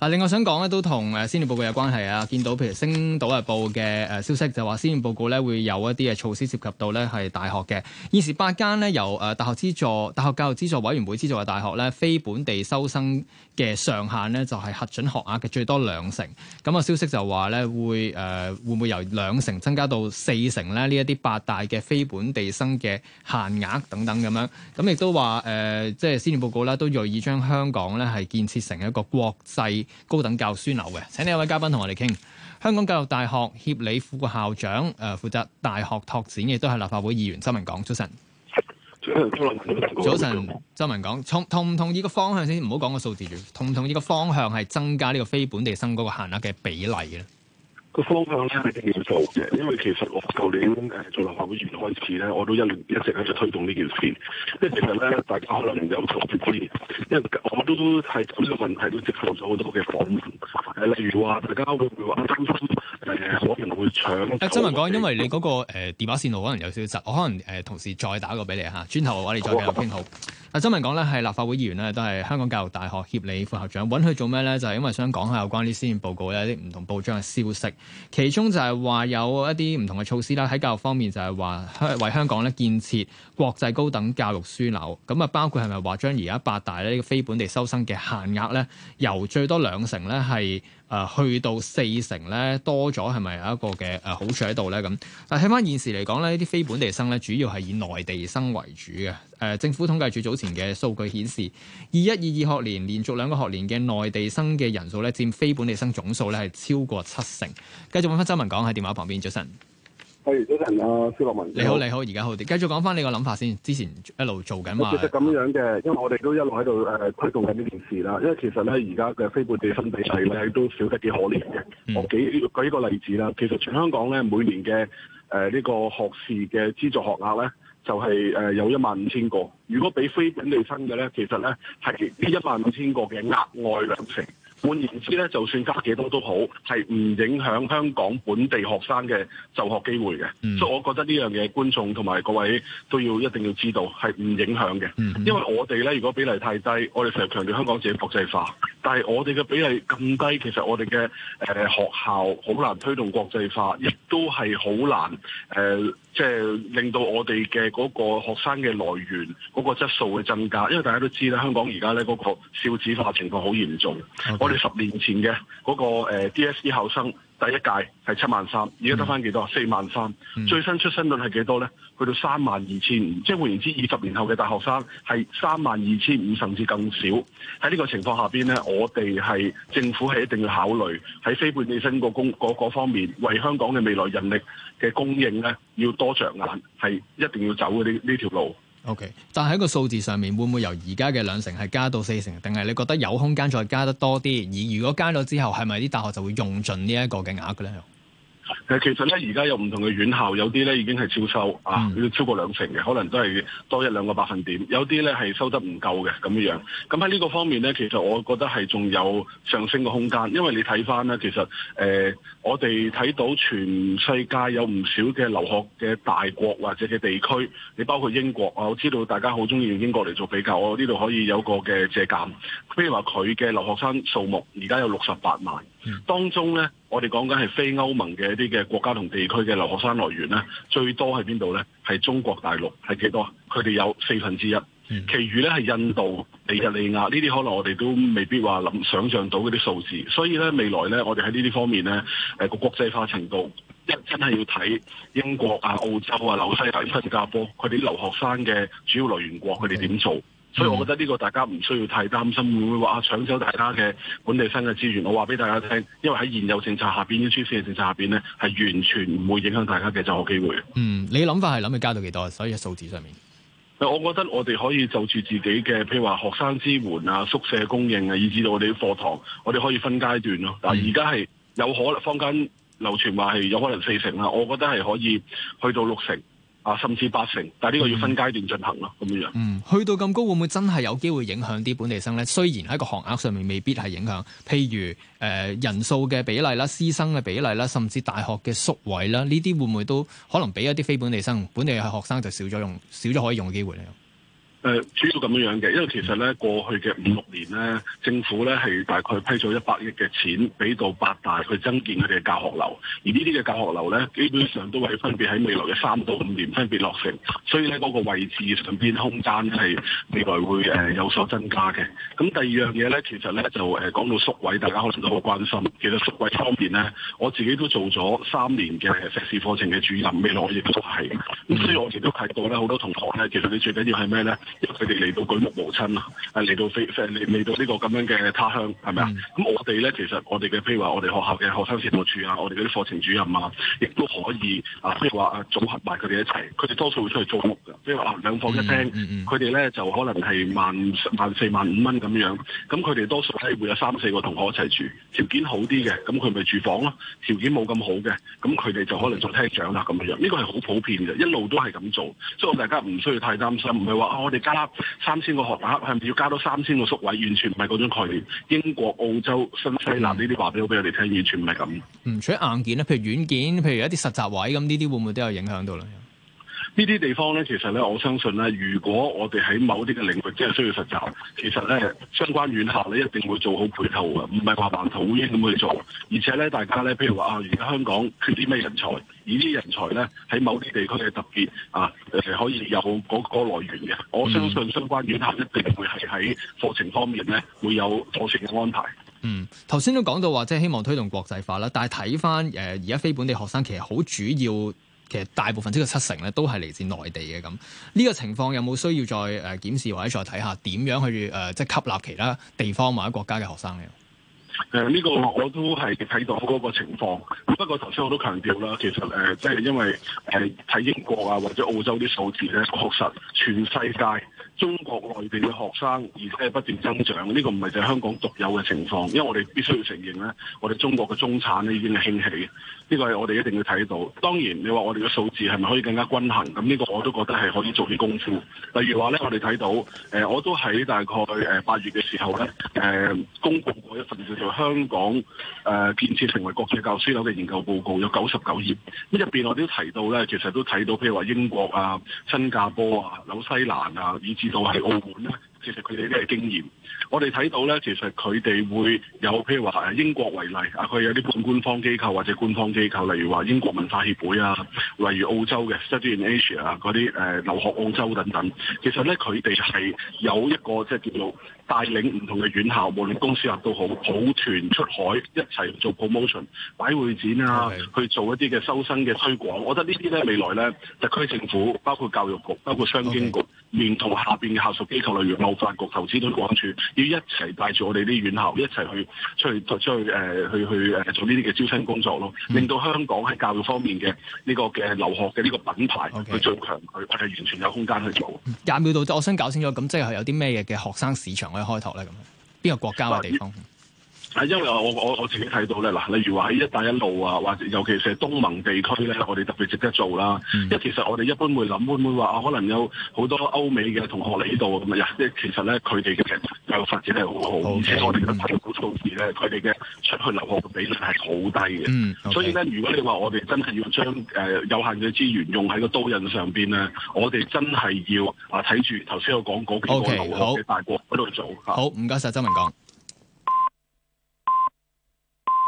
嗱，另外想講咧，都同誒施政報告有關係啊！見到譬如《星島日報》嘅誒消息就說，就話施政報告咧會有一啲嘅措施涉及到咧係大學嘅，現時八間咧由誒大學資助、大學教育資助委員會資助嘅大學咧，非本地收生嘅上限咧就係核准學額嘅最多兩成。咁啊，消息就話咧會誒、呃、會唔會由兩成增加到四成咧？呢一啲八大嘅非本地生嘅限額等等咁樣。咁亦都話誒，即、呃、係施政報告咧都鋭意將香港咧係建設成一個國際。高等教育輸流嘅，請呢位嘉賓同我哋傾。香港教育大學協理副校長，誒、呃、負責大學拓展嘅，也都係立法會議員周文港。早晨。早晨，周文港，同同唔同意個方向先，唔好講個數字。同唔同意個方向係增加呢個非本地生嗰個限額嘅比例咧？個方向咧係要做嘅。因為其實我舊年誒做立法會議員開始咧，我都一一直喺度推動呢件事。即係其實咧，大家可能有錯別，因為我都係咁樣問題都接受咗好多嘅訪問。例如話，大家會唔會話擔心可能會搶？阿周文港，因為你嗰、嗰個誒電話線路可能有少少窒，我可能同事再打個俾你嚇，轉頭嘅話你再繼續傾好。好阿周文港咧，係立法會議員咧，都係香港教育大學協理副校長。揾佢做咩咧？就係、是、因為想講下有關啲施政報告咧，啲唔同的報章嘅消息。其中就係話有一啲唔同嘅措施啦，喺教育方面就係話為香港咧建設國際高等教育樞紐。咁啊，包括係咪話將而家八大呢、呢個非本地收生嘅限額咧，由最多兩成咧係誒去到四成咧多咗，係咪有一個嘅誒好處喺度咧？咁嗱，起翻現時嚟講咧，呢啲非本地生咧，主要係以內地生為主嘅。誒、呃、政府統計處早前嘅數據顯示，二一二二學年連續兩個學年嘅內地生嘅人數咧，佔非本地生總數咧係超過七成。繼續揾翻周文港喺電話旁邊，早晨。係，早晨啊，文。你好，你好，而家好啲。繼續講翻你個諗法先。之前一路做緊嘛。其實咁樣嘅，因為我哋都一路喺度誒推動緊呢件事啦。因為其實咧，而家嘅非本地生比例咧都少得幾可憐嘅、嗯。我幾舉一個例子啦。其實全香港咧每年嘅誒呢個學士嘅資助學額咧。就係、是、誒有一萬五千個，如果俾非本地生嘅咧，其實咧係呢一萬五千個嘅額外兩成。換言之咧，就算加幾多都好，係唔影響香港本地學生嘅就學機會嘅。Mm. 所以，我覺得呢樣嘢觀眾同埋各位都要一定要知道係唔影響嘅。Mm-hmm. 因為我哋咧，如果比例太低，我哋成日強調香港自己國際化，但係我哋嘅比例咁低，其實我哋嘅誒學校好難推動國際化，亦都係好難誒，即、呃、係、就是、令到我哋嘅嗰個學生嘅來源嗰、嗰個質素會增加。因為大家都知啦，香港而家咧嗰個少子化情況好嚴重。Okay. 我哋十年前嘅嗰、那個、呃、DSE 考生第一屆係七、mm. 萬三，而家得翻幾多？四萬三，最新出生率係幾多咧？去到三萬二千五，即係換言之，二十年後嘅大學生係三萬二千五，甚至更少。喺呢個情況下邊咧，我哋係政府係一定要考慮喺非本地生個供方面，為香港嘅未來人力嘅供應咧，要多着眼，係一定要走嘅呢呢條路。O.K.，但喺個數字上面會唔會由而家嘅兩成係加到四成，定係你覺得有空間再加得多啲？而如果加咗之後，係咪啲大學就會用盡這呢一個嘅額嘅咧？其實咧，而家有唔同嘅院校，有啲咧已經係超收啊，超過兩成嘅，可能都係多一兩個百分點。有啲咧係收得唔夠嘅咁樣。咁喺呢個方面咧，其實我覺得係仲有上升嘅空間，因為你睇翻咧，其實誒、呃、我哋睇到全世界有唔少嘅留學嘅大國或者嘅地區，你包括英國啊，我知道大家好中意用英國嚟做比較，我呢度可以有個嘅借鑑，譬如話佢嘅留學生數目而家有六十八萬，當中咧我哋講緊係非歐盟嘅一啲嘅。嘅國家同地區嘅留學生來源呢，最多喺邊度呢？係中國大陸，係幾多？佢哋有四分之一，其餘呢係印度、尼日利亞呢啲，可能我哋都未必話諗想像到嗰啲數字。所以呢，未來呢，我哋喺呢啲方面呢，誒個國際化程度真真係要睇英國啊、澳洲啊、紐西蘭、新加坡，佢哋留學生嘅主要來源國，佢哋點做？所以，我覺得呢個大家唔需要太擔心，會唔會話搶走大家嘅本地生嘅資源？我話俾大家聽，因為喺現有政策下邊啲出線嘅政策下邊呢，係完全唔會影響大家嘅就學機會。嗯，你諗法係諗佢加到幾多？所以喺數字上面，我覺得我哋可以就住自己嘅，譬如話學生支援啊、宿舍供應啊，以至到我哋啲課堂，我哋可以分階段咯。嗱，而家係有可能坊間流傳話係有可能四成啦，我覺得係可以去到六成。甚至八成，但係呢個要分階段進行咯，咁、嗯、樣。嗯，去到咁高會唔會真係有機會影響啲本地生呢？雖然喺個學額上面未必係影響，譬如，誒、呃、人數嘅比例啦、師生嘅比例啦，甚至大學嘅宿位啦，呢啲會唔會都可能畀一啲非本地生、本地係學生就少咗用、少咗可以用嘅機會呢？誒、呃，主要咁樣嘅，因為其實咧過去嘅五六年咧，政府咧係大概批咗一百億嘅錢俾到八大去增建佢哋嘅教學樓，而呢啲嘅教學樓咧，基本上都係分別喺未來嘅三到五年分別落成，所以咧嗰、那個位置上邊空間咧係未來會誒有所增加嘅。咁第二樣嘢咧，其實咧就誒講到宿位，大家可能都好關心。其實宿位方面咧，我自己都做咗三年嘅碩士課程嘅主任，未來我亦都係。咁所以我亦都睇到咧，好多同學咧，其實你最緊要係咩咧？因為佢哋嚟到舉目無親啊，係嚟到非嚟嚟到呢個咁樣嘅他鄉係咪啊？咁我哋咧其實我哋嘅譬如話我哋學校嘅學生事務處啊、嗯，我哋嗰啲課程主任啊，亦都可以啊，譬如話組合埋佢哋一齊。佢哋多數會出去租屋嘅，譬如話兩房一廳，佢哋咧就可能係萬萬四萬五蚊咁樣。咁佢哋多數咧會有三四個同學一齊住，條件好啲嘅，咁佢咪住房咯；條件冇咁好嘅，咁佢哋就可能做廳長啦咁樣。呢、呢個係好普遍嘅，一路都係咁做，所以我大家唔需要太擔心，唔係話啊我哋。加三千個學額，係咪要加多三千個宿位？完全唔係嗰種概念。英國、澳洲、新西蘭呢啲話俾我哋聽，完全唔係咁。嗯，除咗硬件咧，譬如軟件，譬如一啲實習位，咁呢啲會唔會都有影響到咧？呢啲地方咧，其實咧，我相信咧，如果我哋喺某啲嘅領域真係需要實習，其實咧，相關院校咧一定會做好配套嘅，唔係話盲頭烏蠅咁去做。而且咧，大家咧，譬如話啊，而家香港缺啲咩人才，而啲人才咧喺某啲地區係特別啊，可以有好嗰個來源嘅。我相信相關院校一定會係喺課程方面咧，會有課程嘅安排。嗯，頭先都講到話，即係希望推動國際化啦，但係睇翻誒而家非本地學生，其實好主要。其實大部分呢個七成咧，都係嚟自內地嘅咁。呢個情況有冇需要再誒檢視或者再睇下點樣去誒、呃、即係吸納其他地方或者國家嘅學生咧？誒、呃、呢、呢個我都係睇到嗰個情況。不過頭先我都強調啦，其實誒即係因為誒睇、呃、英國啊或者澳洲啲數字咧，確實全世界，中國內地嘅學生而且係不斷增長，呢個唔係就係香港獨有嘅情況，因為我哋必須要承認咧，我哋中國嘅中產咧已經係興起，呢個係我哋一定要睇到。當然，你話我哋嘅數字係咪可以更加均衡？咁呢個我都覺得係可以做啲功夫。例如話咧，我哋睇到，誒，我都喺大概誒八月嘅時候咧，誒，公布過一份叫做《香港誒建設成為國際教師樓》嘅研究報告，有九十九頁。咁入邊我哋都提到咧，其實都睇到，譬如話英國啊、新加坡啊、紐西蘭啊，以至。就係澳門啦。其實佢哋啲係經驗，我哋睇到咧，其實佢哋會有譬如話英國為例啊，佢有啲半官方機構或者官方機構，例如話英國文化協會啊，例如澳洲嘅 Study、okay. in Asia 啊，嗰、呃、啲留學澳洲等等。其實咧，佢哋係有一個即係叫做帶領唔同嘅院校，無論公私立都好，抱團出海一齊做 promotion 擺會展啊，去做一啲嘅收生嘅推廣。我覺得這些呢啲咧未來咧，特區政府包括教育局、包括商經局，okay. 連同下邊嘅下屬機構例如澳。教局投資都趕住，要一齊帶住我哋啲院校一齊去出去出出去誒、呃、去去誒做呢啲嘅招生工作咯，令到香港喺教育方面嘅呢、呢個嘅留學嘅呢個品牌、okay. 去最強，佢係完全有空間去做。廿秒度，我想搞清楚，咁即係有啲咩嘢嘅學生市場可以開拓咧？咁邊個國家嘅地方？因為我我我自己睇到咧嗱，例如話喺一帶一路啊，或者尤其是喺東盟地區咧，我哋特別值得做啦、嗯。因為其實我哋一般會諗，會唔會話可能有好多歐美嘅同學嚟呢度咁啊？即係其實咧，佢哋嘅經濟發展係好好，okay, 而且我哋嘅數字咧，佢哋嘅出去留學嘅比率係好低嘅。嗯、okay, 所以咧，如果你話我哋真係要將誒有限嘅資源用喺個刀刃上面咧，我哋真係要啊睇住頭先我講嗰幾個留學嘅大國嗰度做。Okay, 好唔該曬，嗯、謝謝周文港。